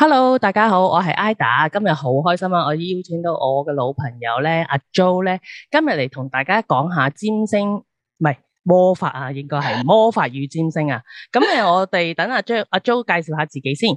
Hello，大家好，我係 Ida，今日好開心啊！我邀請到我嘅老朋友咧，阿 Jo 咧，今日嚟同大家講下占星，唔係魔法啊，應該係魔法與占星啊！咁誒，我哋等阿 Jo，阿 Jo 介紹下自己先。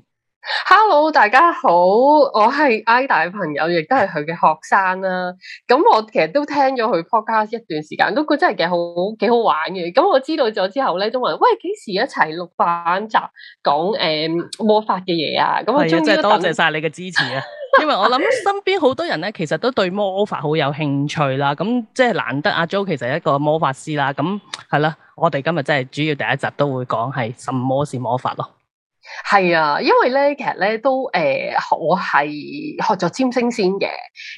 Hello，大家好，我係 I 大嘅朋友，亦都係佢嘅學生啦、啊。咁我其實都聽咗佢 podcast 一段時間，都覺得真係幾好，幾好玩嘅。咁我知道咗之後咧，都話喂，幾時一齊錄翻集講誒、欸、魔法嘅嘢啊？咁我終於多謝晒你嘅支持啊！ 因為我諗身邊好多人咧，其實都對魔法好有興趣啦。咁即係難得阿、啊、Jo 其實係一個魔法師啦。咁係啦，我哋今日真係主要第一集都會講係什麼是魔法咯。係啊，因為咧，其實咧都誒、呃，我係學咗占星先嘅，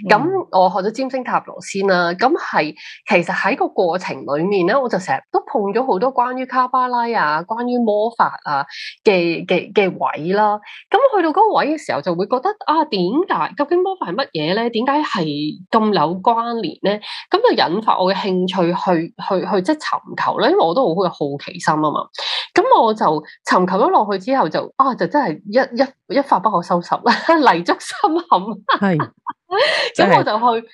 咁、嗯、我學咗占星塔羅先啦。咁係其實喺個過程裏面咧，我就成日都碰咗好多關於卡巴拉啊，關於魔法啊嘅嘅嘅位啦。咁去到嗰個位嘅時候，就會覺得啊，點解？究竟魔法係乜嘢咧？點解係咁有關聯咧？咁就引發我嘅興趣去去去即係尋求咧，因為我都好有好奇心啊嘛。咁我就尋求咗落去之後就啊，就真係一一一發不可收拾啦，泥足深陷。係是，咁 我就去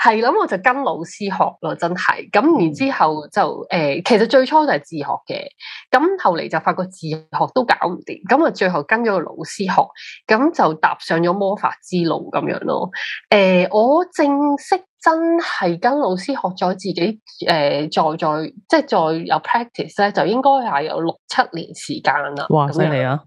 係諗，是我就跟老師學咯，真係。咁然之後就誒、呃，其實最初就係自學嘅，咁後嚟就發覺自學都搞唔掂，咁啊最後跟咗個老師學，咁就踏上咗魔法之路咁樣咯。誒、呃，我正式。真係跟老師學咗自己誒、呃，再再即係再有 practice 咧，就應該係有六七年時間啦。哇，就犀利啊，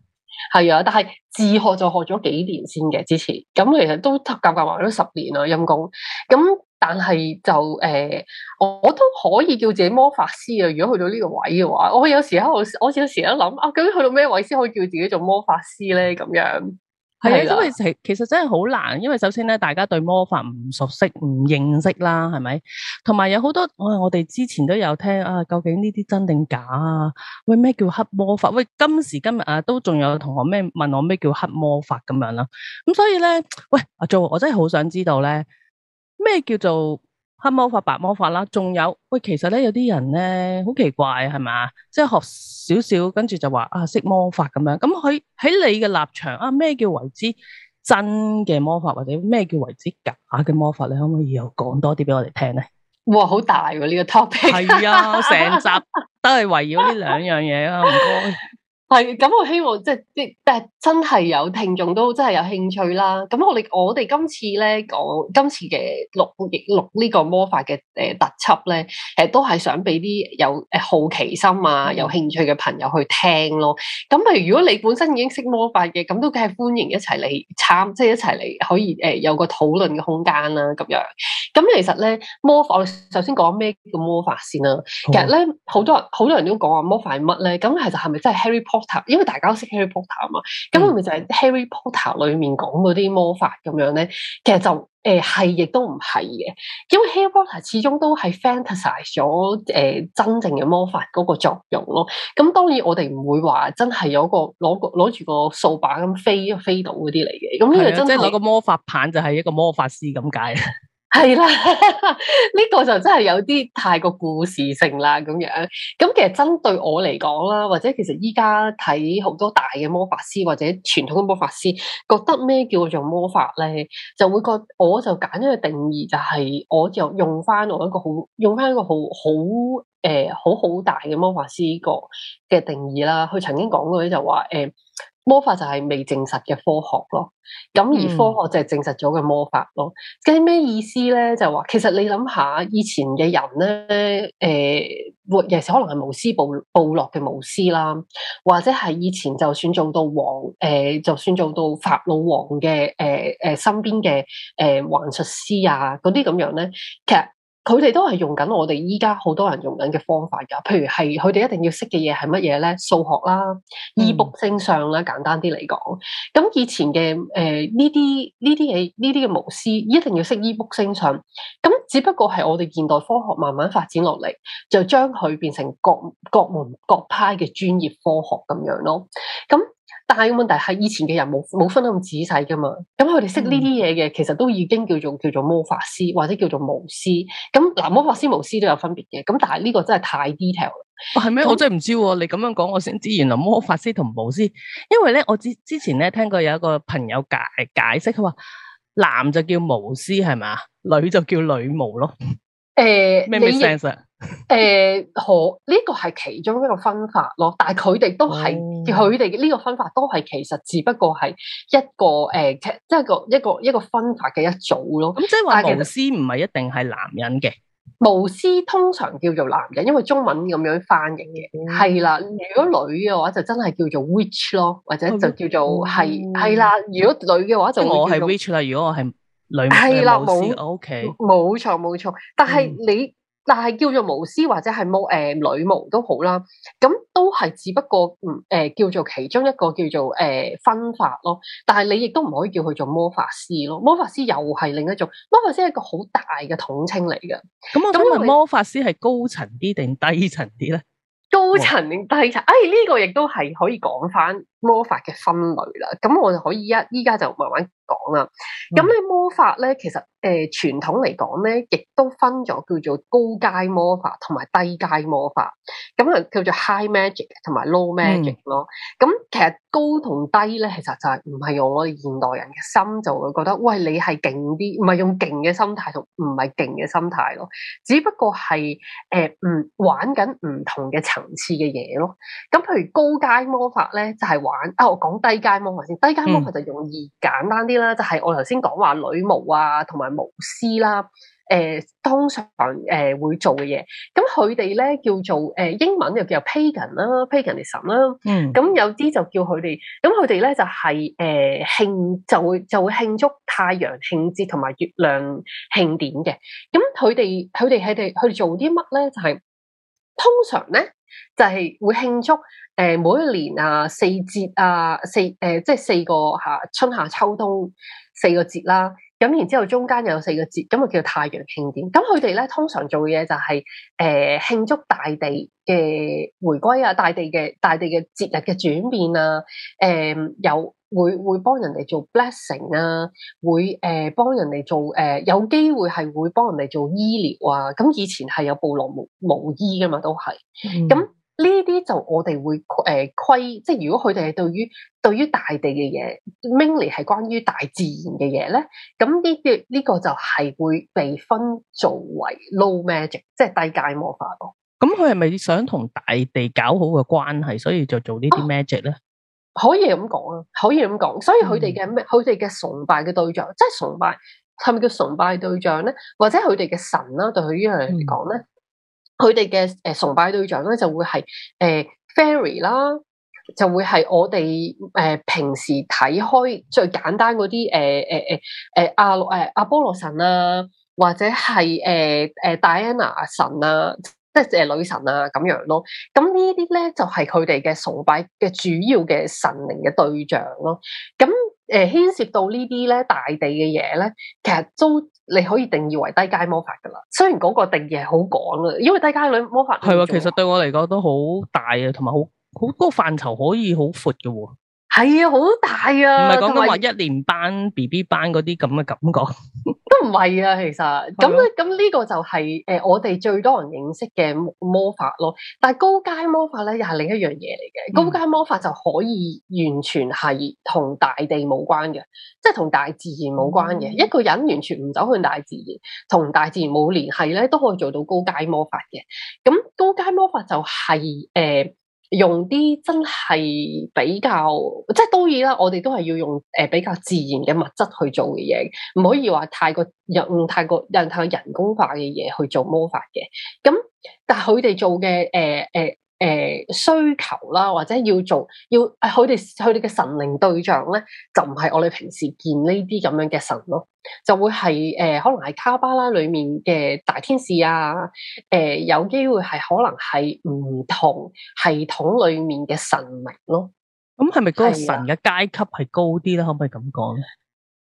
係啊，但係自學就學咗幾年先嘅之前。咁其實都夾夾埋咗十年啦，陰功。咁但係就誒、呃，我都可以叫自己魔法師啊！如果去到呢個位嘅話，我有時喺度，我有時一諗啊，究竟去到咩位先可以叫自己做魔法師咧？咁樣。係啊，因為其其實真係好難，因為首先咧，大家對魔法唔熟悉、唔認識啦，係咪？同埋有好多，哎、我我哋之前都有聽啊，究竟呢啲真定假啊？喂，咩叫黑魔法？喂，今時今日啊，都仲有同學咩問我咩叫黑魔法咁樣啦、啊。咁所以咧，喂阿 Jo，啊、o, 我真係好想知道咧，咩叫做？黑魔法、白魔法啦，仲有喂，其實咧有啲人咧好奇怪，係咪？即係學少少，跟住就話啊，識魔法咁樣。咁喺喺你嘅立場啊，咩叫為之真嘅魔法，或者咩叫為之假嘅魔法咧？你可唔可以又講多啲俾我哋聽咧？哇，好大喎，呢個 topic！係 啊，成集都係圍繞呢兩樣嘢啊，唔該。係，咁我希望即係即係真係有聽眾都真係有興趣啦。咁我哋我哋今次咧講今次嘅錄錄呢個魔法嘅誒特輯咧，其實都係想俾啲有誒好奇心啊、有興趣嘅朋友去聽咯。咁譬如如果你本身已經識魔法嘅，咁都梗係歡迎一齊嚟參，即係一齊嚟可以誒有個討論嘅空間啦、啊。咁樣，咁其實咧魔法，我首先講咩叫魔法先啦。嗯、其實咧好多人好多人都講話魔法係乜咧？咁其實係咪真係 Harry Potter？因為大家都識 Harry Potter 啊嘛，咁係咪就係 Harry Potter 裏面講嗰啲魔法咁樣咧？其實就誒係亦都唔係嘅，因為 Harry Potter 始終都係 fantasize 咗誒、呃、真正嘅魔法嗰個作用咯。咁、嗯、當然我哋唔會話真係有個攞個攞住個掃把咁飛飛到嗰啲嚟嘅。咁呢個真係即係攞個魔法棒就係一個魔法師咁解。係啦，呢 個就真係有啲太過故事性啦，咁樣。咁其實針對我嚟講啦，或者其實依家睇好多大嘅魔法師或者傳統嘅魔法師，覺得咩叫做魔法咧，就會覺得我就揀咗個定義，就係我就用翻我一個好用翻一個好好誒好好大嘅魔法師個嘅定義啦。佢曾經講過咧就話誒。呃魔法就係未證實嘅科學咯，咁而科學就係證實咗嘅魔法咯。即係咩、嗯、意思咧？就話、是、其實你諗下，以前嘅人咧，誒、呃，有時可能係巫師部部落嘅巫師啦，或者係以前就選中到王，誒、呃，就選中到法老王嘅，誒，誒，身邊嘅，誒、呃，幻術師啊，嗰啲咁樣咧，其實。佢哋都係用緊我哋依家好多人用緊嘅方法㗎，譬如係佢哋一定要識嘅嘢係乜嘢咧？數學啦，醫卜星相啦，簡單啲嚟講，咁以前嘅誒呢啲呢啲嘢呢啲嘅巫師一定要識醫卜星相，咁只不過係我哋現代科學慢慢發展落嚟，就將佢變成各各門各派嘅專業科學咁樣咯，咁。但係個問題係以前嘅人冇冇分得咁仔細噶嘛？咁佢哋識呢啲嘢嘅，其實都已經叫做叫做魔法師或者叫做巫師。咁男魔法師、巫師都有分別嘅。咁但係呢個真係太 detail 啦。係咩、哦嗯啊？我真係唔知喎。你咁樣講，我先知原來魔法師同巫師。因為咧，我之之前咧聽過有一個朋友解解釋，佢話男就叫巫師係咪？女就叫女巫咯。誒咩咩 sense？誒，可呢個係其中一個分法咯，但係佢哋都係，佢哋呢個分法都係其實只不過係一個誒，即係個一個一個分法嘅一組咯。咁、嗯、即係話巫師唔係一定係男人嘅，巫師通常叫做男人，因爲中文咁樣翻譯嘅係啦。如果女嘅話就真係叫做 witch 咯，或者就叫做係。係啦，如果女嘅話就我係 witch 啦。如果我係女，係啦的，冇無，ok，冇錯冇錯，但係你、嗯。但係叫做巫師或者係魔、誒，女巫都好啦，咁都係只不過唔、誒叫做其中一個叫做誒分法咯。但係你亦都唔可以叫佢做魔法師咯。魔法師又係另一種魔法師，係一個好大嘅統稱嚟嘅。咁咁，魔法師係高層啲定低層啲咧？高層定低層？哇哎呢個亦都係可以講翻。魔法嘅分類啦，咁我就可以一依家就慢慢講啦。咁你、嗯、魔法咧，其實誒、呃、傳統嚟講咧，亦都分咗叫做高階魔法同埋低階魔法，咁啊叫做 high magic 同埋 low magic、嗯、咯。咁其實高同低咧，其實就係唔係用我哋現代人嘅心就會覺得，喂，你係勁啲，唔係用勁嘅心態同唔係勁嘅心態咯。只不過係誒唔玩緊唔同嘅層次嘅嘢咯。咁譬如高階魔法咧，就係、玩啊！我講低階魔法先，低階魔法就容易簡單啲啦。嗯、就係我頭先講話女巫啊，同埋巫師啦、啊。誒、呃，通常誒會做嘅嘢，咁佢哋咧叫做誒、呃、英文又叫 Pagan 啦，Paganism 啦。嗯。咁有啲就叫佢哋，咁佢哋咧就係、是、誒、呃、慶就會就會慶祝太陽慶節同埋月亮慶典嘅。咁佢哋佢哋喺哋佢做啲乜咧？就係、是。通常咧就係、是、會慶祝誒、呃、每一年啊四節啊四誒、呃、即係四個吓、啊、春夏秋冬四個節啦。咁然之後，中間有四個節，咁就叫太陽慶典。咁佢哋咧通常做嘢就係、是、誒、呃、慶祝大地嘅回歸啊，大地嘅大地嘅節日嘅轉變啊，誒、呃、有會會幫人哋做 blessing 啊，會誒幫人哋做誒、呃、有機會係會幫人哋做醫療啊。咁以前係有部落巫巫醫噶嘛，都係咁。嗯呢啲就我哋會誒虧、呃，即係如果佢哋係對於對於大地嘅嘢 mainly 係關於大自然嘅嘢咧，咁呢啲呢個就係會被分作為 low magic，即係低階魔法咯。咁佢係咪想同大地搞好嘅關係，所以就做呢啲 magic 咧？可以咁講啊，可以咁講。所以佢哋嘅咩？佢哋嘅崇拜嘅對象，即係崇拜，係咪叫崇拜對象咧？或者佢哋嘅神啦，對佢呢樣嚟講咧？嗯佢哋嘅誒崇拜對象咧，就會係誒、呃、fairy 啦，就會係我哋誒、呃、平時睇開最簡單嗰啲誒誒誒誒阿誒阿波羅神啊，或者係誒誒 Diana 神啊，即係誒女神啊咁樣咯。咁、嗯、呢啲咧就係佢哋嘅崇拜嘅主要嘅神靈嘅對象咯。咁、嗯。誒、呃、牽涉到呢啲咧大地嘅嘢咧，其實都你可以定義為低階魔法㗎喇。雖然嗰個定義係好廣啦，因為低階女魔法係其實對我嚟講都好大啊，同埋好好多範疇可以好闊嘅喎。係啊，好大啊！唔係講緊話一年班、B B、就是、班嗰啲咁嘅感覺，都唔係啊。其實咁咁呢個就係、是、誒、呃，我哋最多人認識嘅魔法咯。但係高階魔法咧，又係另一樣嘢嚟嘅。高階魔法就可以完全係同大地冇關嘅，嗯、即係同大自然冇關嘅。嗯、一個人完全唔走向大自然，同大自然冇聯繫咧，都可以做到高階魔法嘅。咁高階魔法就係、是、誒。呃呃用啲真係比較即係當然啦，我哋都係要用誒，比較自然嘅物質去做嘅嘢，唔可以話太，太，太過用太過用太過人工化嘅嘢去做魔法嘅。咁但係佢哋做嘅誒誒。呃呃誒、呃，需求啦，或者要做，要佢哋佢哋嘅神靈對象咧，就唔係我哋平時見呢啲咁樣嘅神咯，就會係誒、呃，可能係卡巴拉裏面嘅大天使啊，誒、呃，有機會係可能係唔同系統裏面嘅神明咯。咁係咪嗰個神嘅階級係高啲咧？啊、可唔可以咁講咧？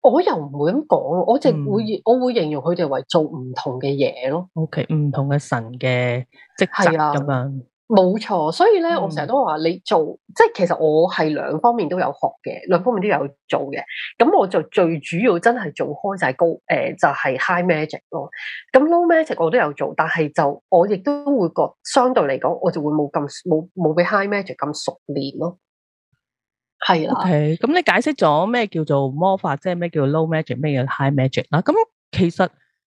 我又唔會咁講，我淨會我會形容佢哋為做唔同嘅嘢咯。OK，唔同嘅神嘅職責咁樣。冇錯，所以咧，嗯、我成日都話你做，即係其實我係兩方面都有學嘅，兩方面都有做嘅。咁我就最主要真係做開仔、呃、就高，誒就係 high magic 咯。咁 low magic 我都有做，但係就我亦都會覺相對嚟講，我就會冇咁冇冇比 high magic 咁熟練咯。係啦。O、okay，咁你解釋咗咩叫做魔法，即係咩叫做 low magic，咩叫 high magic 啦？咁其實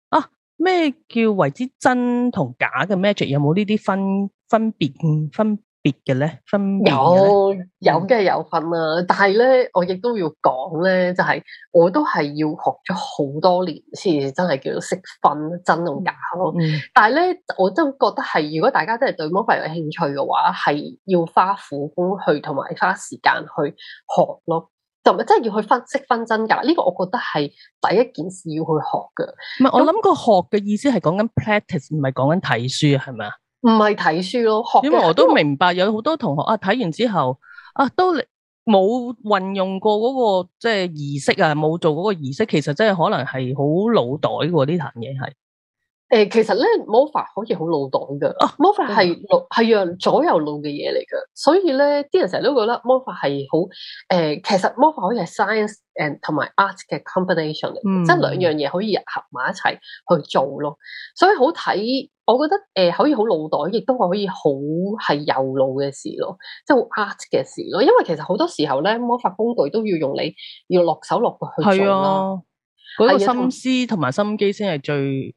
啊，咩叫為之真同假嘅 magic 有冇呢啲分？分別分別嘅咧，有有嘅有分啦、啊，但係咧，我亦都要講咧，就係、是、我都係要學咗好多年先真係叫做識分真同假咯。嗯、但係咧，我真覺得係如果大家都係對魔法有興趣嘅話，係要花苦功去同埋花時間去學咯，就咪真係要去分識分真假。呢、這個我覺得係第一件事要去學嘅。唔係、嗯、為我諗個學嘅意思係講緊 practice，唔係講緊睇書係咪啊？唔係睇書咯，因為我都明白有好多同學啊，睇完之後啊，都冇運用過個即係儀式啊，冇做個儀式，其實真係可能係好腦袋嘅呢壇嘢係。這個誒、呃，其實咧魔法可以好腦袋噶，啊、魔法係係啊左右腦嘅嘢嚟噶，所以咧啲人成日都覺得魔法係好誒，其實魔法可以係 science and 同埋 art 嘅 combination 嚟，嗯、即係兩樣嘢可以合埋一齊去做咯。所以好睇，我覺得誒、呃、可以好腦袋，亦都係可以好係右腦嘅事咯，即係好 art 嘅事咯。因為其實好多時候咧，魔法工具都要用你要落手落腳去做咯，啊嗰個心思同埋的心機先係最。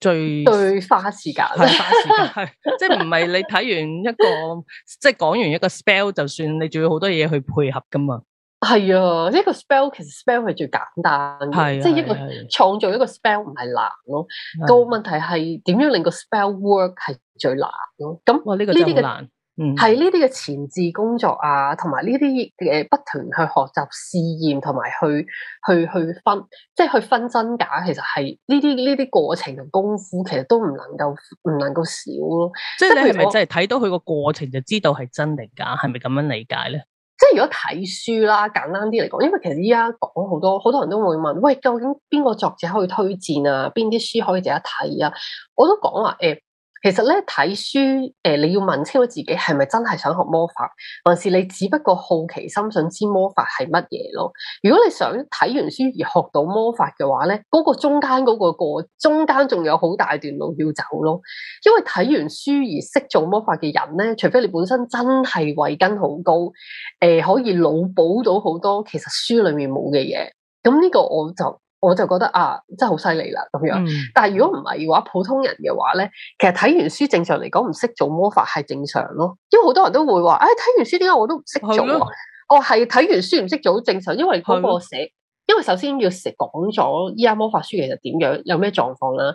最，最花時間，係花時間，係即係唔係你睇完一個， 即係講完一個 spell，就算你仲要好多嘢去配合㗎嘛。係啊，呢、這個 spell 其實 spell 係最簡單嘅，即係、啊、一個創造一個 spell 唔係難咯，啊、個問題係點樣令個 spell work 係最難咯，咁哇呢、這個真係好難。係呢啲嘅前置工作啊，同埋呢啲嘅不停去學習試驗，同埋去去去分，即係去分真假。其實係呢啲呢啲過程同功夫，其實都唔能夠唔能夠少咯啊。即係你係咪真係睇到佢個過程就知道係真定假？係咪咁樣理解咧？即係如果睇書啦，簡單啲嚟講，因為其實依家講好多好多人都會問，喂，究竟邊個作者可以推薦啊？邊啲書可以值得睇啊？我都講話誒。欸其實咧，睇書，誒、呃，你要問清楚自己係咪真係想學魔法，還是你只不過好奇心想知魔法係乜嘢咯？如果你想睇完書而學到魔法嘅話咧，嗰、那個中間嗰、那個過、那個、中間仲有好大段路要走咯。因為睇完書而識做魔法嘅人咧，除非你本身真係慧根好高，誒、呃，可以腦補到好多其實書裏面冇嘅嘢。咁呢個我就。我就覺得啊，真係好犀利啦咁樣。嗯、但係如果唔係嘅話，普通人嘅話咧，其實睇完書正常嚟講唔識做魔法係正常咯。因為好多人都會話，誒、哎、睇完書點解我都唔識做？的我係睇完書唔識做好正常，因為嗰個寫，的因為首先要寫講咗依家魔法書其實點樣，有咩狀況啦。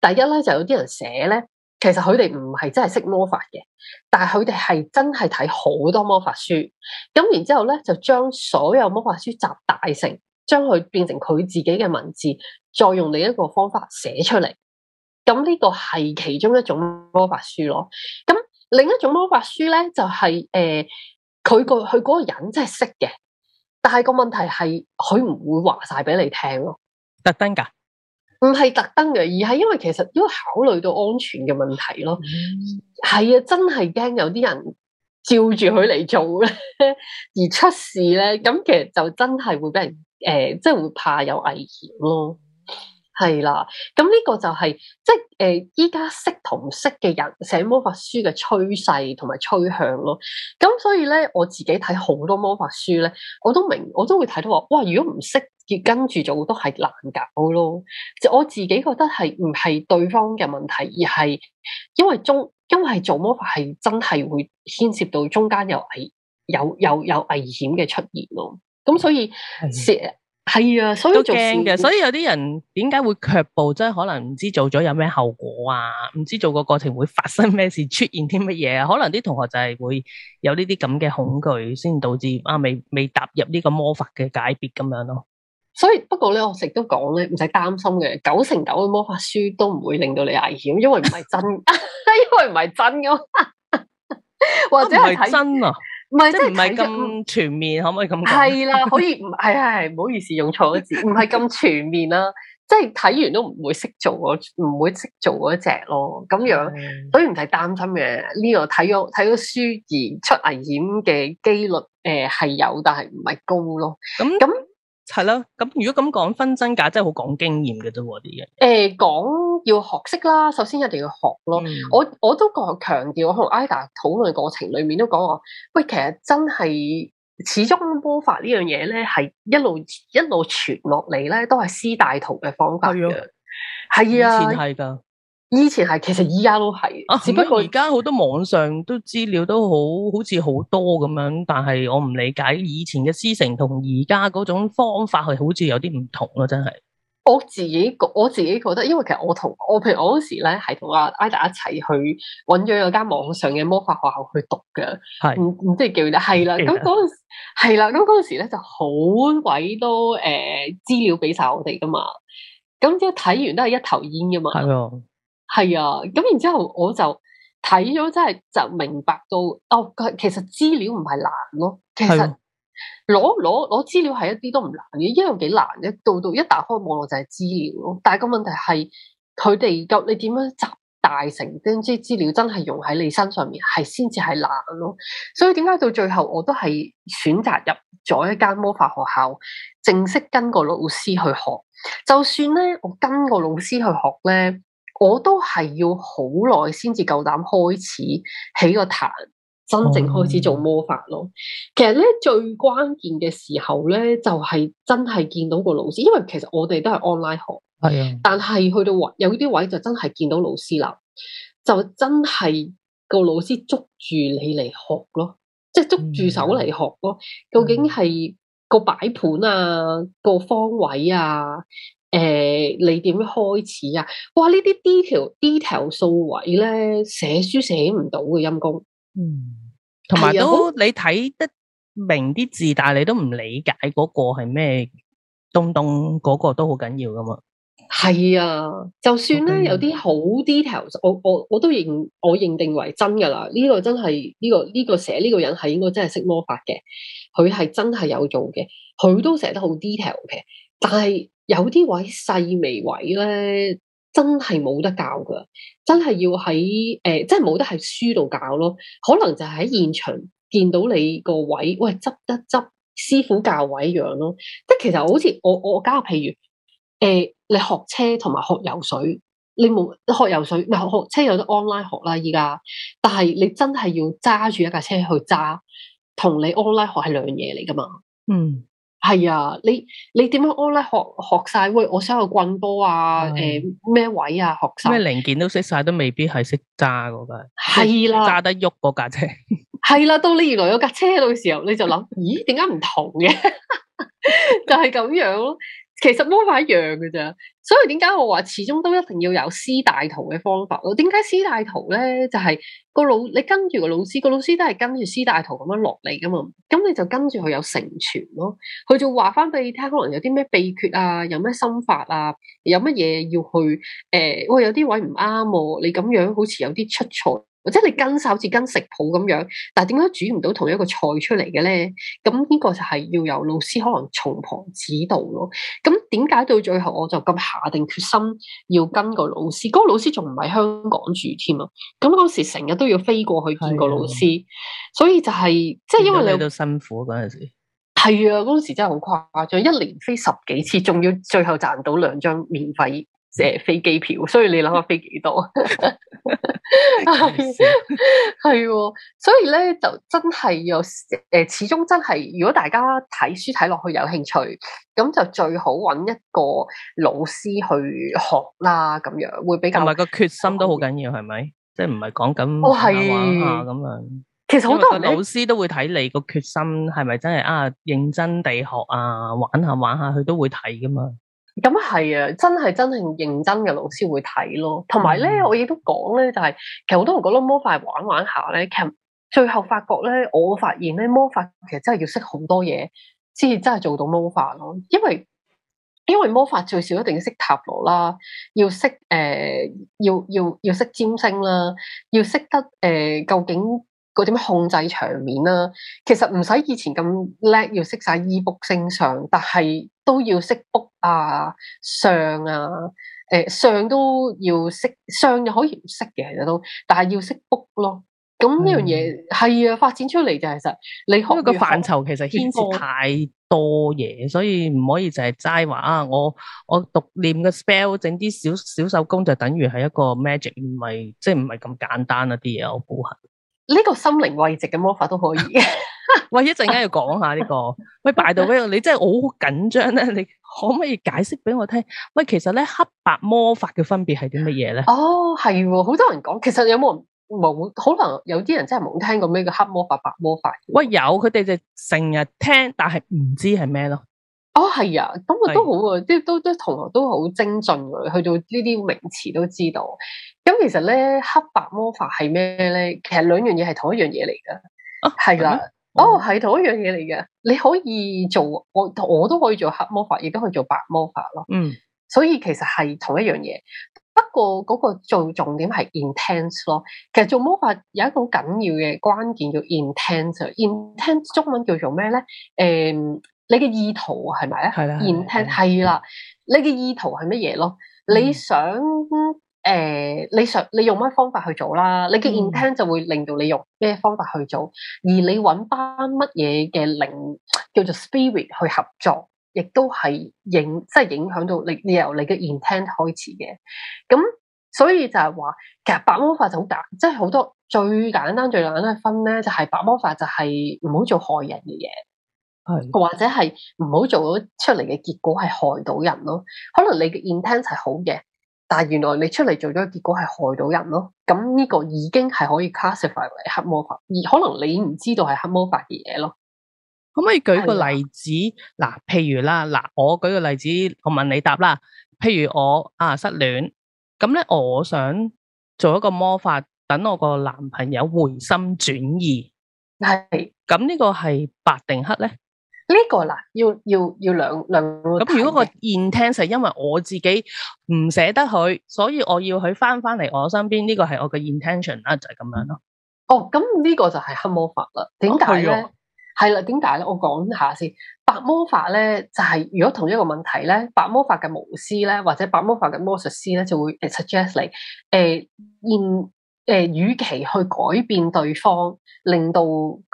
第一咧就有啲人寫咧，其實佢哋唔係真係識魔法嘅，但係佢哋係真係睇好多魔法書，咁然後之後咧就將所有魔法書集大成。將佢變成佢自己嘅文字，再用另一個方法寫出嚟。咁呢個係其中一種魔法書咯。咁另一種魔法書咧，就係、是、誒，佢個佢個人真係識嘅，但係個問題係佢唔會話晒俾你聽咯。特登噶，唔係特登嘅，而係因為其實要考慮到安全嘅問題咯。係啊、嗯，真係驚有啲人照住佢嚟做咧，而出事咧，咁其實就真係會俾人。誒、呃，即係會怕有危險咯，係啦。咁呢個就係、是、即係誒，依、呃、家識同唔識嘅人寫魔法書嘅趨勢同埋趨向咯。咁所以咧，我自己睇好多魔法書咧，我都明，我都明，我都會睇到話，哇！如果唔識要跟住做，都係難搞咯。就我自己覺得係唔係對方嘅問題，而係因為中因為做魔法係真係會牽涉到中間有危有有有危險嘅出現咯。咁所以係係啊，所以都驚嘅。所以有啲人點解會卻步？即係可能唔知做咗有咩後果啊，唔知做個過，過程會發生咩事，出現啲乜嘢啊？可能啲同學就係會有呢啲咁嘅恐懼，先導致啊未未踏入呢個魔法嘅界別咁樣咯、啊。所以不過咧，我成日都講咧，唔使擔心嘅，九成九嘅魔法書都唔會令到你危險，因為唔係真， 因為唔係真嘅，或者係、啊、真啊。唔係即係唔係咁全面，了可唔可以咁講？係啦，可以係係係，唔好意思用錯字，唔係咁全面啦、啊。即係睇完都唔會識做嗰，唔會識做嗰隻咯。咁樣所以唔係擔心嘅呢、這個睇咗睇咗書而出危險嘅機率誒係、呃、有，但係唔係高咯。咁咁、嗯。係啦，咁如果咁講分真假，真係好講經驗嘅啫喎，啲嘢。誒，講要學識啦，首先一定要學咯。嗯、我我都講強調，我同 Ada 討論過程裏面都講話，喂，其實真係始終魔法呢樣嘢咧，係一路一路傳落嚟咧，都係師大徒嘅方法嘅。係啊，以前，係噶。以前係，其實依家都係。啊，只不過而家好多網上都資料都好好似好多咁樣，但係我唔理解以前嘅師承同而家嗰種方法係好似有啲唔同咯，啊，真係。我自己我自己覺得，因為其實我同我譬如我嗰時咧係同阿 ida 一齊去搵咗有間網上嘅魔法學校去讀嘅，係，唔唔即係叫係啦。咁嗰陣係啦，咁嗰陣時咧就好鬼多誒資、呃、料俾晒我哋噶嘛，咁即係睇完都係一頭煙噶嘛，係啊。係啊，咁然之後我就睇咗，真係就明白到哦。其實資料唔係難咯，其實攞攞攞資料係一啲都唔難嘅，因為幾難嘅。到到一打開網絡就係資料咯，但係個問題係佢哋要你點樣集大成，即係資料真係用喺你身上面，係先至係難咯。所以點解到最後我都係選擇入咗一間魔法學校，正式跟個老師去學。就算咧，我跟個老師去學咧。我都係要好耐先至夠膽開始起個壇，真正開始做魔法咯。其實咧最關鍵嘅時候咧，就係、是、真係見到個老師，因為其實我哋都係 online 學，係啊的。但係去到有啲位就真係見到老師啦，就真係個老師捉住你嚟學咯，即、就、係、是、捉住手嚟學咯。究竟係個擺盤啊，個方位啊？誒、呃，你點開始啊？哇，呢啲 detail detail 數位咧，寫書寫唔到嘅陰功。陰公嗯，同埋都、嗯、你睇得明啲字，但係你都唔理解嗰個係咩東東，嗰個都好緊要噶嘛？係啊，就算咧有啲好 detail，我我我都認我認定為真噶啦。呢、呢個真係呢、呢個呢、呢個寫呢個人係應該真係識魔法嘅，佢係真係有做嘅，佢都寫得好 detail 嘅，但係。有啲位細微位咧，真係冇得教噶，真係要喺誒，即係冇得喺書度教咯。可能就喺現場見到你個位，喂，執一執師傅教位一樣咯。即係其實好似我我假若譬如誒、呃，你學車同埋學游水，你冇學游水唔係學車有得 online 學啦，依家。但係你真係要揸住一架車去揸，同你 online 學係兩嘢嚟噶嘛？嗯。係啊，你你點樣安咧？學學晒，喂，我想去棍波啊，誒咩位啊，學晒咩零件都識晒，都未必係識揸嗰架。係啦，啊，揸得喐嗰架車。係啦，到你原來有架車喺度嘅時候，你就諗 咦，點解唔同嘅？就係咁樣咯，其實魔法一樣噶咋。所以點解我話始終都一定要有師帶徒嘅方法咯？點解師帶徒咧？就係、是、個老你跟住個老師，個老師都係跟住師帶徒咁樣落嚟噶嘛？咁你就跟住佢有承傳咯，佢就話翻俾你聽，可能有啲咩秘訣啊，有咩心法啊，有乜嘢要去誒？喂、呃、有啲位唔啱、啊，你咁樣好似有啲出錯。或者你跟手好似跟食譜咁樣，但係點解煮唔到同一個菜出嚟嘅咧？咁呢個就係要由老師可能從旁指導咯。咁點解到最後我就咁下定決心要跟個老師？嗰個老師仲唔喺香港住添啊？咁嗰時成日都要飛過去見個老師，所以就係即係因為你都辛苦嗰陣時。係啊，嗰陣時真係好誇張，一年飛十幾次，仲要最後賺到兩張免費。誒，飛機票，所以你諗下飛幾多？係係、哦，所以咧就真係有誒，始終真係，如果大家睇書睇落去有興趣，咁就最好揾一個老師去學啦，咁樣會比較，同埋個決心都好緊要，係咪？即係唔係講緊玩下咁樣？其實好多老師都會睇你個決心係咪真係啊，認真地學啊，玩下玩下，佢都會睇噶嘛。咁係啊，真係真係認真嘅老師會睇咯。同埋咧，我亦都講咧，就係、是、其實好多人覺得魔法玩玩下咧，其實最後發覺咧，我發現咧，魔法其實真係要識好多嘢，先至真係做到魔法咯。因為因為魔法最少一定要識塔羅啦，要識誒、呃，要要要識占星啦，要識得誒、呃，究竟。嗰點控制場面啦，其實唔使以前咁叻，要識晒依 book 升上，但係都要識 book 啊、上啊、誒、呃、上都要識，上又可以唔識嘅，其實都，但係要識 book 咯。咁呢樣嘢係啊，發展出嚟就係、是、實你學，學個範疇其實牽涉太多嘢，所以唔可以就係齋話啊！我我讀念嘅 spell 整啲小小手工就等於係一個 magic，唔係即係唔係咁簡單啊啲嘢，我估下。呢個心靈慰藉嘅魔法都可以，喂 一陣間要講下呢個，喂拜倒俾你，真係好緊張咧，你可唔可以解釋俾我聽？喂，其實咧，黑白魔法嘅分別係啲乜嘢咧？哦，係，好多人講，其實有冇人，可能有啲人真係冇聽過咩叫黑魔法、白魔法？喂，有，佢哋就成日聽，但係唔知係咩咯。哦，係啊，咁我都好啊，即係是都都同學都好精進啊，去到呢啲名詞都知道。咁其實咧，黑白魔法係咩咧？其實兩樣嘢係同一樣嘢嚟噶，係啦、啊。啊、哦，係同一樣嘢嚟噶。你可以做我，我都可以做黑魔法，亦都可以做白魔法咯。嗯，所以其實係同一樣嘢。不過嗰個做重點係 intense 咯。其實做魔法有一個好緊要嘅關鍵叫 intense，intense Int Int 中文叫做咩咧？誒、嗯。你嘅意圖係咪咧？intent 係啦，你嘅意圖係乜嘢咯？你想誒、嗯呃，你想你用乜方法去做啦？你嘅 intent 就會令到你用咩方法去做，而你揾翻乜嘢嘅靈叫做 spirit 去合作，亦都係影即係影響到你由你嘅 intent 開始嘅。咁所以就係話，其實白魔法就好簡單，即係好多最簡單最簡單分咧，就係、是、白魔法就係唔好做害人嘅嘢。係，或者係唔好做咗出嚟嘅結果係害到人咯，可能你嘅 intent 係好嘅，但係原來你出嚟做咗嘅結果係害到人咯，咁、這、呢個已經係可以 classify 為黑魔法，而可能你唔知道係黑魔法嘅嘢咯。可唔可以舉個例子？嗱的，譬如啦，嗱，我舉個例子，我問你答啦。譬如我啊失戀，咁咧，我想做一個魔法，等我個男朋友回心轉意。係的，咁呢個係白定黑咧？呢個啦，要要要兩兩。咁如果個 intent 係因為我自己唔捨得佢，所以我要佢翻翻嚟我身邊，呢個係我嘅 intention 啦，就係、是、咁樣咯。哦，咁呢個就係黑魔法啦。點解咧？係啦、哦，點解咧？我講下先。白魔法咧，就係、是、如果同一個問題咧，白魔法嘅巫師咧，或者白魔法嘅魔術師咧，就會 suggest 你誒，現、呃、誒、與、呃、其去改變對方，令到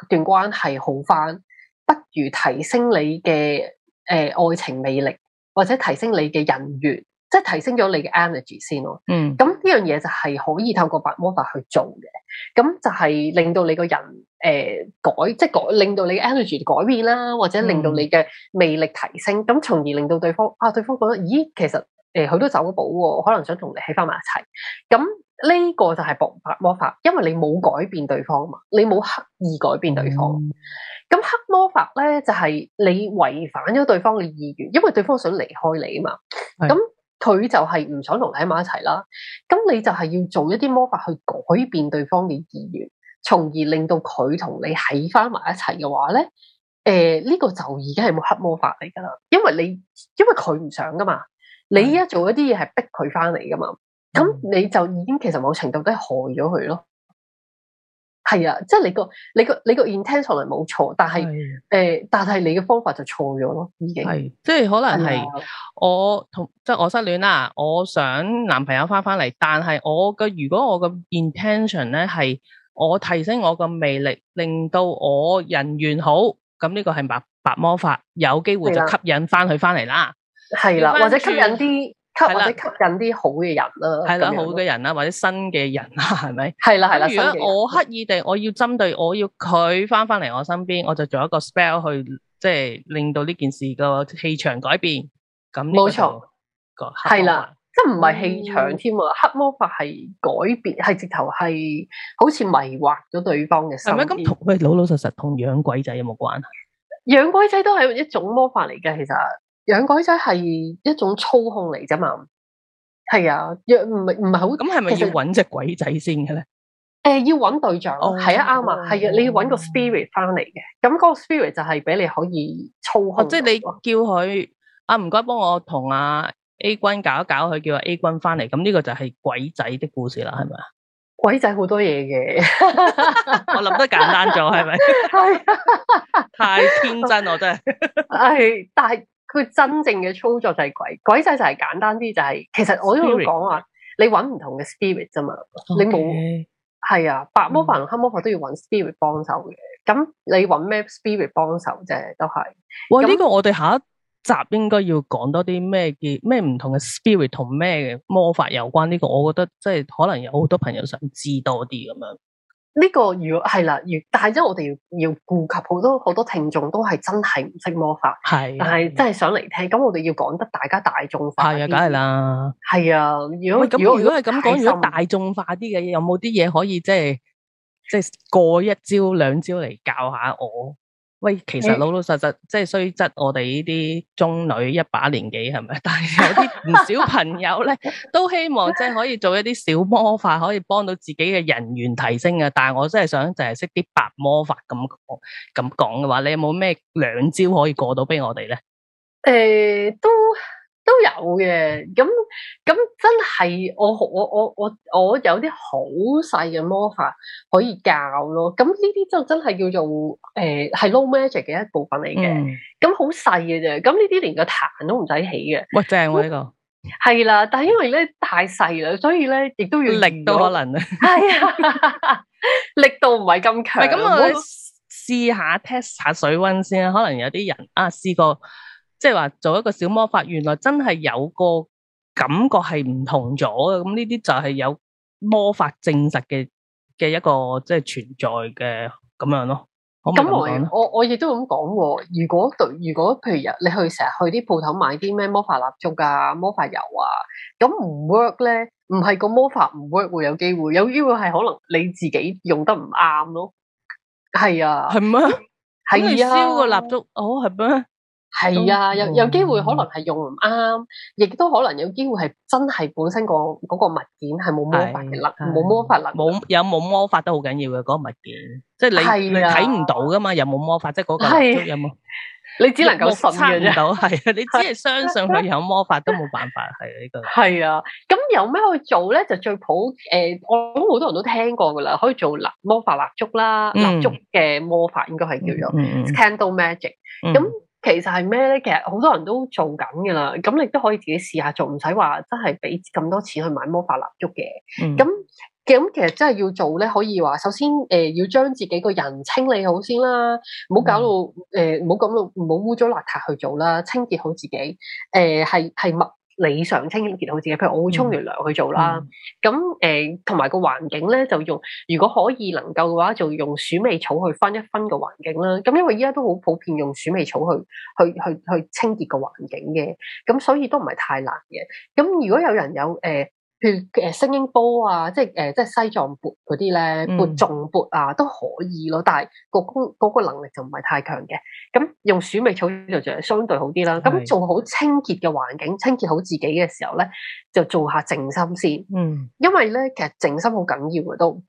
段關係好翻。不如提升你嘅誒、呃、愛情魅力，或者提升你嘅人緣，即係提升咗你嘅 energy 先咯。嗯，咁呢樣嘢就係可以透過白魔法去做嘅。咁就係令到你個人誒、呃、改，即係改，令到你嘅 energy 改變啦，或者令到你嘅魅力提升，咁從、嗯、而令到對方啊，對方覺得咦，其實誒佢都走咗步，可能想同你喺翻埋一齊。咁呢個就係白魔法，因為你冇改變對方嘛，你冇刻意改變對方。嗯咁黑魔法咧就係、是、你違反咗對方嘅意願，因為對方想離開你啊嘛。咁佢是的 就係唔想同你喺埋一齊啦。咁你就係要做一啲魔法去改變對方嘅意願，從而令到佢同你喺翻埋一齊嘅話咧，誒、呃、呢、這個就已經係冇黑魔法嚟噶啦。因為你因為佢唔想噶嘛，是的 你依家做一啲嘢係逼佢翻嚟噶嘛，咁是的 你就已經其實某程度都係害咗佢咯。係啊，即係你個你個你個 intention 嚟，冇錯，但係誒的、呃，但係你嘅方法就錯咗咯，已經係即係可能係我同的即係我失戀啦，我想男朋友翻翻嚟但係我嘅如果我嘅 intention 咧係我提升我嘅魅力，令到我人緣好，咁呢個係白白魔法，有機會就吸引翻佢翻嚟啦，係啦的，的或者吸引啲。或者吸引啲好嘅人啦、啊，係啦的，樣好嘅人啦、啊，或者新嘅人啦、啊，係咪？係啦，係啦。如果我刻意地，我要針對，我要佢返返嚟我身邊，我就做一個 spell 去，即係令到呢件事個氣場改變。咁冇錯，係啦，即係唔係氣場添啊？黑魔法係、嗯、改變，係直頭係好似迷惑咗對方嘅心。咁咁同喂老老實實同養鬼仔有冇關係？養鬼仔都係一種魔法嚟嘅，其實。養鬼仔係一種操控嚟啫嘛，係啊，若唔係唔係好咁，係咪要揾隻鬼仔先嘅咧？誒，要揾對象，係啊，啱啊，係啊，你要揾個 spirit 翻嚟嘅，咁嗰個 spirit 就係俾你可以操控，即係你叫佢啊，唔該，幫我同阿 A 君搞一搞，佢叫阿 A 君翻嚟，咁呢個就係鬼仔的故事啦，係咪啊？鬼仔好多嘢嘅，我諗得簡單咗，係咪？係啊，太天真，我真係，係但係。佢真正嘅操作就係鬼，鬼就係簡單啲、就是，就係其實我都要講話，Spirit? 你揾唔同嘅 spirit 啫嘛，Okay. 你冇係啊，白魔法同黑魔法都要揾 spirit 幫手嘅，咁、嗯、你揾咩 spirit 幫手啫，都係。哇喂，呢那個我哋下一集應該要講多啲咩嘅，咩唔同嘅 spirit 同咩嘅魔法有關、這個？呢個我覺得即係可能有好多朋友想知多啲咁樣。呢、個如果係啦，但要但係即係我哋要要顧及好多好多聽眾都係真係唔識魔法，係、啊、但係真係想嚟聽，咁我哋要講得大家大眾化，係啊，梗係啦，係啊，如果如果如果係咁講，太深，如果大眾化啲嘅，有冇啲嘢，可以即係即係過一招兩招嚟教下我？喂，其實老老實實即係雖則我哋呢啲中女一把年紀，係咪？但係有啲唔少朋友咧， 都希望即係可以做一啲小魔法，可以幫到自己嘅人緣提升啊！但係我真係想淨係識啲白魔法咁咁講嘅話，你有冇咩兩招可以過到俾我哋咧？誒、欸，都。都有嘅，咁咁真係我我我我我有啲好細嘅魔法可以教咯，咁呢啲就真係叫做誒係 low magic 嘅一部分嚟嘅，咁好細嘅啫，咁呢啲連個壇都唔使起嘅，哇正喎呢個，係啦我， 但係因為咧太細啦，所以咧亦都要力，到可能，係啊，力度唔係咁強，咁我試下 test 下水溫先啦、啊，可能有啲人啊試過。即係話做一個小魔法，原來真係有個感覺係唔同咗嘅。咁呢啲就係有魔法證實嘅嘅一個即係存在嘅咁樣咯。咁我我我亦都咁講。如果對如果譬如有你去成日去啲鋪頭買啲咩魔法蠟燭啊、魔法油啊，咁唔 work 咧，唔係個魔法唔 work 會有機會。有機會係可能你自己用得唔啱咯。係啊。係咩？咁你燒個蠟燭，哦，係咩？係啊，有有機會可能係用唔啱，亦都可能有機會係真係本身個個物件係冇魔法嘅能，冇、啊啊、魔法能力，冇有冇魔法都好緊要嘅嗰、那個物件，即係你、啊、你睇唔到噶嘛，有冇魔法即係嗰嚿蠟燭有冇、啊？你只能夠信啫，係、啊、你只係相信佢有魔法都冇辦法，係呢、啊這個。係啊，咁有咩去做咧？就最普誒、呃，我諗好多人都聽過噶啦，可以做蠟魔法蠟燭啦，蠟燭嘅魔法應該係叫做 candle magic 咁。嗯嗯嗯嗯嗯其實係咩咧？其實好多人都做緊噶啦咁你都可以自己試下做，唔使話真係俾咁多錢去買魔法蠟燭嘅。咁咁、嗯、其實真係要做咧，可以話首先誒、呃、要將自己個人清理好先啦，唔好搞到誒唔好咁到唔好污糟邋遢去做啦，清潔好自己誒係係物。呃理想清潔好自己，譬如我會沖完涼去做啦。咁誒、嗯，同埋、呃、個環境咧，就用如果可以能夠嘅話，就用鼠尾草去分一分個環境啦。咁因為依家都好普遍用鼠尾草去去去去清潔個環境嘅，咁所以都唔係太難嘅。咁如果有人有誒。呃譬如誒聲音波啊，即係誒即係西藏缽嗰啲咧，播重播啊都可以咯，但係個功嗰能力就唔係太強嘅。咁用鼠尾草就仲相對好啲啦。咁的做好清潔嘅環境，清潔好自己嘅時候咧，就做下靜心先。嗯，因為咧其實靜心好緊要嘅都，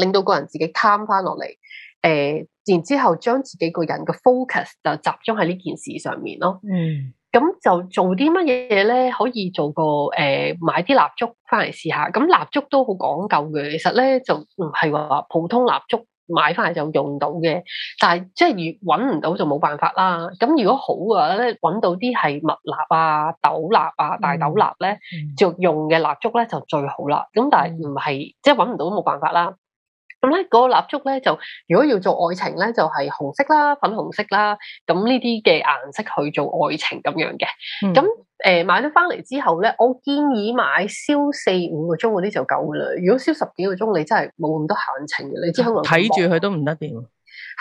令到個人自己攤翻落嚟。誒、呃，然之後將自己個人嘅 focus 就集中喺呢件事上面咯。嗯。咁就做啲乜嘢咧？可以做個誒、呃，買啲蠟燭翻嚟試下。咁蠟燭都好講究嘅，其實咧就唔係話普通蠟燭買翻嚟就用到嘅。但係即係如搵唔到就冇辦法啦。咁如果好嘅話咧，搵到啲係蜜蠟啊、豆蠟啊、大豆蠟咧，嗯、就用嘅蠟燭咧就最好啦。咁但係唔係即係搵唔到都冇辦法啦。咁咧，個蠟燭咧就，如果要做愛情咧，就係紅色啦、粉紅色啦，咁呢啲嘅顏色去做愛情咁樣嘅。咁誒、嗯呃、買咗翻嚟之後咧，我建議買燒四五個鐘嗰啲就夠噶啦。如果燒十幾個鐘，你真係冇咁多閒情嘅。你知香港睇住佢都唔得掂。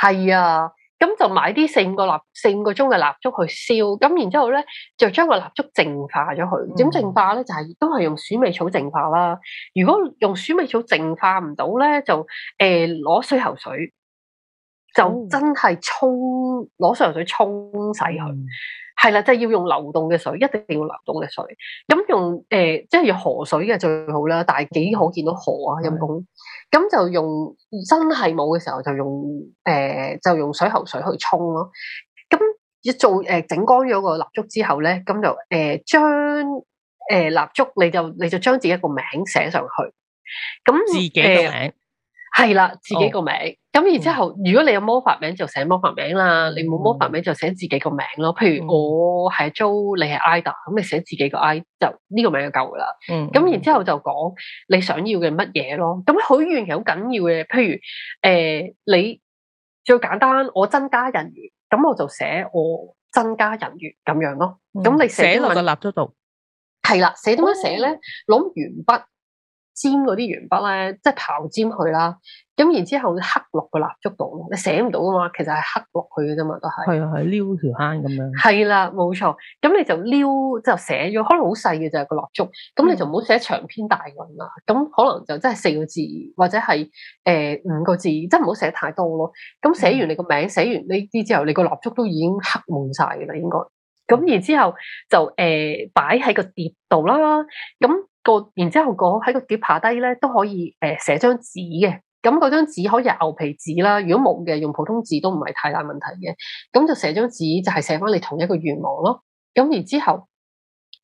係啊。咁就買啲四五個蠟四五個鐘嘅蠟燭去燒，咁然之後咧就將個蠟燭淨化咗佢。點淨化咧就係、是、都係用鼠尾草淨化啦。如果用鼠尾草淨化唔到咧，就誒攞、呃、水喉水，就真係沖攞上水沖洗佢，係啦、嗯，即係、就係、要用流動嘅水，一定要流動嘅水。咁、嗯、用誒，即係用河水嘅最好啦。但係幾好見到河啊？陰公，咁就用真係冇嘅時候就用誒、呃，就用水喉水去沖咯。咁、嗯、一做誒整、呃、乾咗個蠟燭之後咧，咁就誒將誒蠟燭，你就你就將自己一個名寫上去。咁、嗯呃、自己嘅名。係啦，自己個名咁，哦、然之後、嗯、如果你有魔法名就寫魔法名啦，嗯、你冇魔法名就寫自己個名咯。譬如我係 Jo，你係 Ida，咁你寫自己個 I 就呢個名就夠噶啦。咁、嗯嗯嗯、然之後就講你想要嘅乜嘢咯。咁許願其實好緊要嘅，譬如誒、呃、你最簡單，我增加人員，咁我就寫我增加人員咁樣咯。咁、嗯、你寫落個蠟燭度，係啦，寫點樣寫咧？攞鉛筆。尖嗰啲鉛筆咧，即係刨尖佢啦。咁然之後刻落個蠟燭度，你寫唔到噶嘛？其實係刻落去嘅啫嘛，都係係係撩條坑咁樣。係啦，冇錯。咁你就撩就寫咗，可能好細嘅就係個蠟燭。咁你就唔好寫長篇大論啦。咁、嗯、可能就真係四個字或者係誒、呃、五個字，即係唔好寫太多咯。咁寫完你個名，寫、嗯、完呢啲之後，你個蠟燭都已經刻滿晒嘅啦，應該。咁、嗯、然之後就誒擺喺個碟度啦。咁然之後，喺個碟下低咧，都可以，誒，寫張紙嘅。咁嗰張紙可以係牛皮紙啦，如果冇嘅，用普通紙都唔係太大問題嘅。咁就寫張紙，就係寫翻你同一個願望咯。咁然之後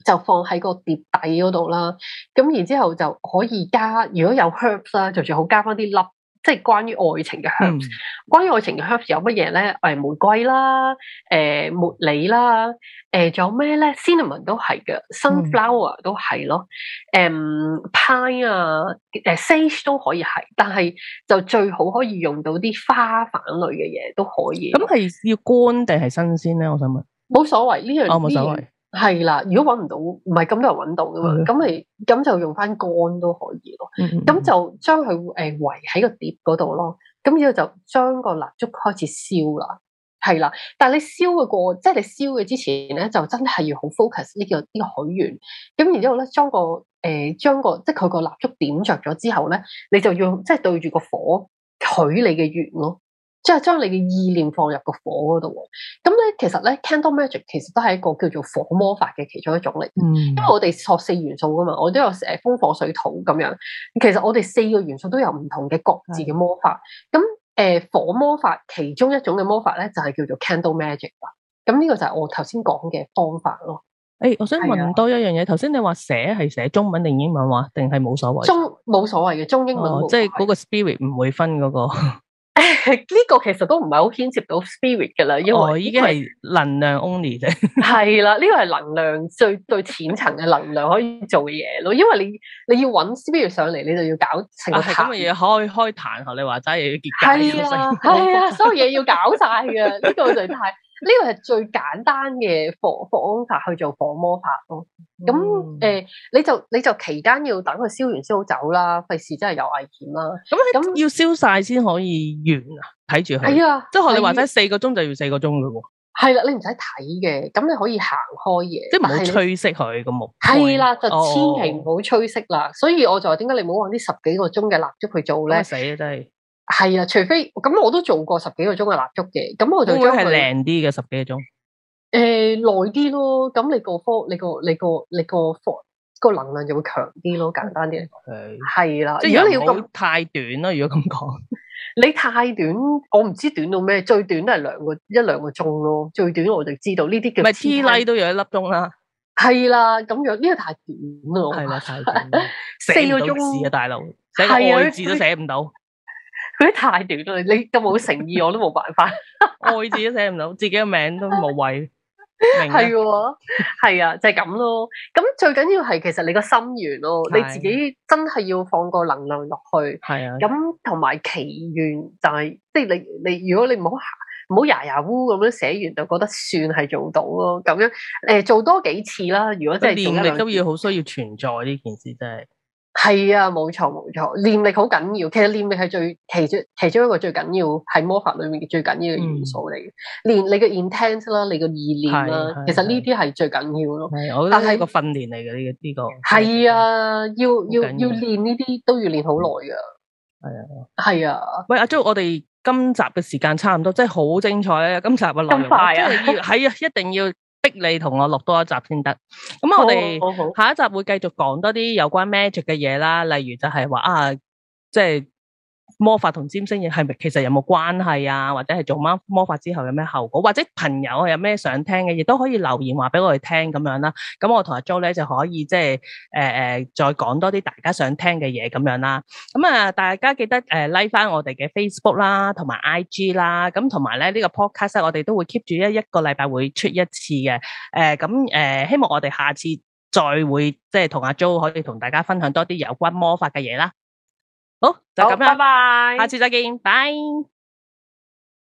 就放喺個碟底嗰度啦。咁然之後就可以加，如果有 herbs 啦，就最好加翻啲粒。即係關於愛情嘅 herbs、嗯、 關於愛情嘅 herbs 有乜嘢咧？誒、哎，玫瑰啦，誒、呃，茉莉啦，誒、呃，仲有咩咧？Cinnamon 都係嘅，sunflower 都係咯，誒、嗯嗯、pine 啊，誒、呃、sage 都可以係，但係就最好可以用到啲花瓣類嘅嘢都可以。咁係要乾定係新鮮咧？我想問，冇所謂呢樣，我冇所謂。係啦，如果揾唔到，唔係咁多人揾到噶嘛，咁咪咁就用翻乾都可以咯。咁、嗯嗯、就將佢誒圍喺個碟嗰度咯。咁之後就將個蠟燭開始燒啦。係啦，但係你燒嘅過，即、就、係、是、你燒嘅之前咧，就真係要好 focus、這個這個、呢個呢、呃、個許願。咁然之後咧，將個誒將個即係佢個蠟燭點着咗之後咧，你就用即係對住個火許你嘅願咯。即係將你嘅意念放入個火嗰度喎，咁咧其實咧 Candle Magic 其實都係一個叫做火魔法嘅其中一種嚟嘅，嗯、因為我哋學四元素噶嘛，我都有寫風火水土咁樣，其實我哋四個元素都有唔同嘅各自嘅魔法，咁誒的、呃、火魔法其中一種嘅魔法咧就係、是、叫做 Candle Magic 啦。咁呢個就係我頭先講嘅方法咯。誒、欸，我想問多一樣嘢，頭先的你話寫係寫中文定英文話定係冇所謂？中冇所謂嘅，中英文、哦、即係嗰個 spirit 唔會分嗰、那個。誒，呢、哎這個其實都唔係好牽涉到 spirit 嘅啦，因為我已經係能量 only 嘅。 係啦，呢個係能量最最淺層嘅能量可以做嘢咯，因為你你要揾 spirit 上嚟，你就要搞成個咁嘅嘢，啊、開開壇，你話齋要結界。係啊， 係啊，所有嘢要搞晒嘅，呢 個就係。呢個係最簡單嘅火火魔法去做火魔法咯。咁誒、嗯呃，你就你就期間要等佢燒完先好走啦，費事真係有危險啦。咁咁要燒晒先可以完啊！睇住佢，係啊，即係學你話齋四個鐘就要四個鐘㗎喎。係啦、啊，你唔使睇嘅，咁你可以行開嘢，即係唔好吹熄佢咁啊。係啦開、啊啊，就千祈唔好吹熄啦。哦、所以我就話點解你唔好搵啲十幾個鐘嘅蠟燭去做咧？死啊！真 係～ 係啊，除非咁，我都做過十幾個鐘嘅蠟燭嘅，咁我就將佢係靚啲嘅十幾個鐘。誒、欸，耐啲咯，咁你個科，你個你個你個科個能量就會強啲咯，簡單啲嚟講係啦。如果你要咁太短啦，如果咁講，你太短，我唔知短到咩，最短都係兩個一兩個鐘咯。最短我就知道呢啲叫咪黐拉都有一粒鐘啦，係啦、啊，咁樣呢個太短啦，係啦、 啊，太短啦，四個鐘字啊，大佬寫個字都寫唔到。 佢太短咗，你咁冇誠意，我都冇辦法， 愛字都寫唔到，自己個名都冇位，係 喎、啊，係啊，啊，就係、是、咁咯。咁最緊要係其實你個心願咯，的你自己真係要放個能量落去。係啊。咁同埋祈願就係，即係你你如果你唔好唔好牙牙烏咁樣寫完就覺得算係做到咯，咁樣誒、呃、做多幾次啦。如果即係動力都要好需要存在呢件事，真係。係啊，冇錯冇錯，念力好緊要，其實念力係最其中其中一個最緊要喺魔法裏面嘅最緊要嘅元素嚟嘅，嗯、你 intent, 練你嘅 intent 啦，你嘅意念啦，其實呢啲係最緊要咯。係是，是我呢個訓練嚟嘅呢個呢個。係啊，要要要練呢啲都要練好耐噶。係啊，係啊。喂，阿 Jo，我哋今集嘅時間差唔多，真係好精彩啊！今集嘅內容，真係啊， 一定要。逼你同我錄多一集先得，咁我哋下一集會繼續講多啲有關 magic 嘅嘢啦，例如就係話啊，即係。魔法同占星嘢係咪其實有冇關係啊？或者係做翻魔法之後有咩後果？或者朋友有咩想聽嘅，亦都可以留言話俾我哋聽咁樣啦。咁我同阿 Jo 咧就可以即係誒誒，再講多啲大家想聽嘅嘢咁樣啦。咁啊，大家記得誒 like 翻我哋嘅 Facebook 啦，同埋 IG 啦。咁同埋咧呢個 podcast 我哋都會 keep 住一一個禮拜會出一次嘅。誒咁誒，希望我哋下次再會即係同阿 Jo 可以同大家分享多啲有關魔法嘅嘢啦。好，就咁，拜拜，下次再見，拜，oh。